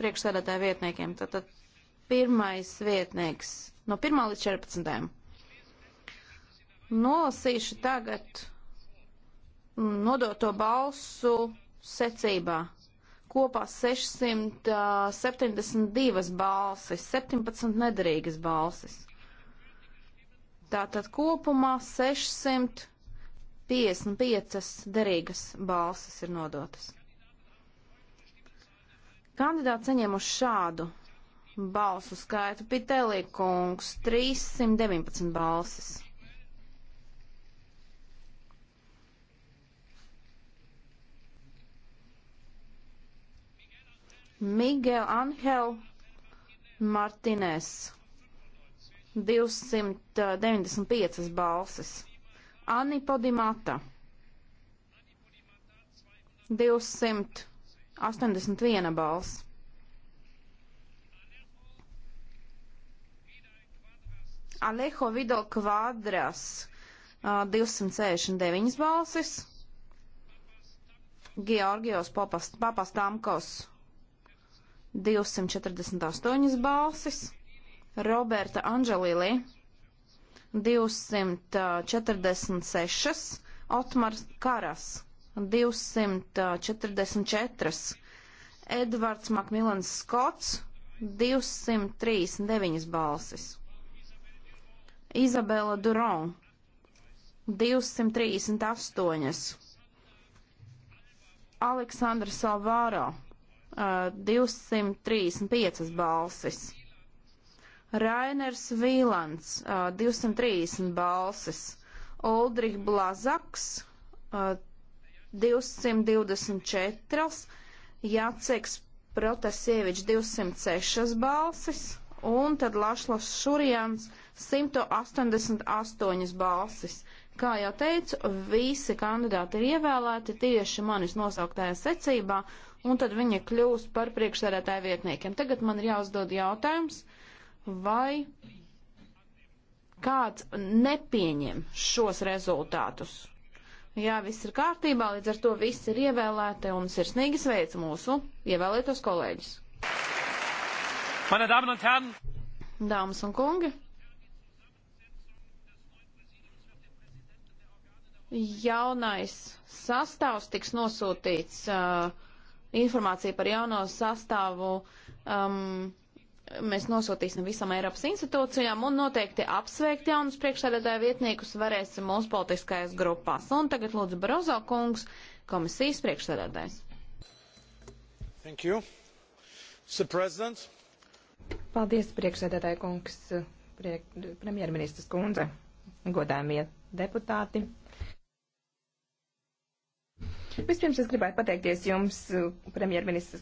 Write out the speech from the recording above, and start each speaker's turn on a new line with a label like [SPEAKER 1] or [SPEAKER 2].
[SPEAKER 1] priekšsēdētāja vietniekiem. Tātad pirmais vietnieks no 1 līdz 14. Nolasīšu tagad nodoto balsu secībā. Kopā 672 balsis, 17 nederīgas balsis. Tātad kopumā 655 derīgas balsis ir nodotas. Kandidāti saņēmuši šādu balsu skaitu. Pitelī kungs 319 balsis. Miguel Angel Martinez 295 balsis. Ani Podimata 200. 81 balss. Alejo Vido Kvadras 269 balsis. Georgijos Papastamkos 248 balsis. Roberta Anģelīlī 246. Otmars Karas 244. Edvards Makmilans Skots 239 balsis. Izabela Duron 238. Aleksandra Salvāro 235 balsis. Rainers Vīlants 230 balsis. Oldrich Blazaks 224 Jaceks Protasievičs 206 balsis un tad Lašlas Šurjans 188 balsis. Kā jau teicu, visi kandidāti ir ievēlēti tieši manis nosauktajā secībā, un tad viņi kļūst par priekšsēdētāju vietniekiem. Tagad man ir jāuzdod jautājums, vai kāds nepieņem šos rezultātus. Jā, viss ir kārtībā, līdz ar to viss ir ievēlēti un sirsnīgi sveic mūsu ievēlētos kolēģus. Dāmas un kungi! Jaunais sastāvs tiks nosūtīts uh, informācija par jauno sastāvu. Um, mēs nosūtīsim visam Eiropas institūcijām un noteikti apsveikt jaunus priekšsēdētāju vietniekus varēsim mūsu politiskajās grupās. Un tagad lūdzu Barozo kungs, komisijas priekšsēdētājs. Thank you. Mr. President. Paldies, priekšsēdētāja kungs, priek, premjerministras kundze, godājumie deputāti. Vispirms es gribētu pateikties jums, premjerministrs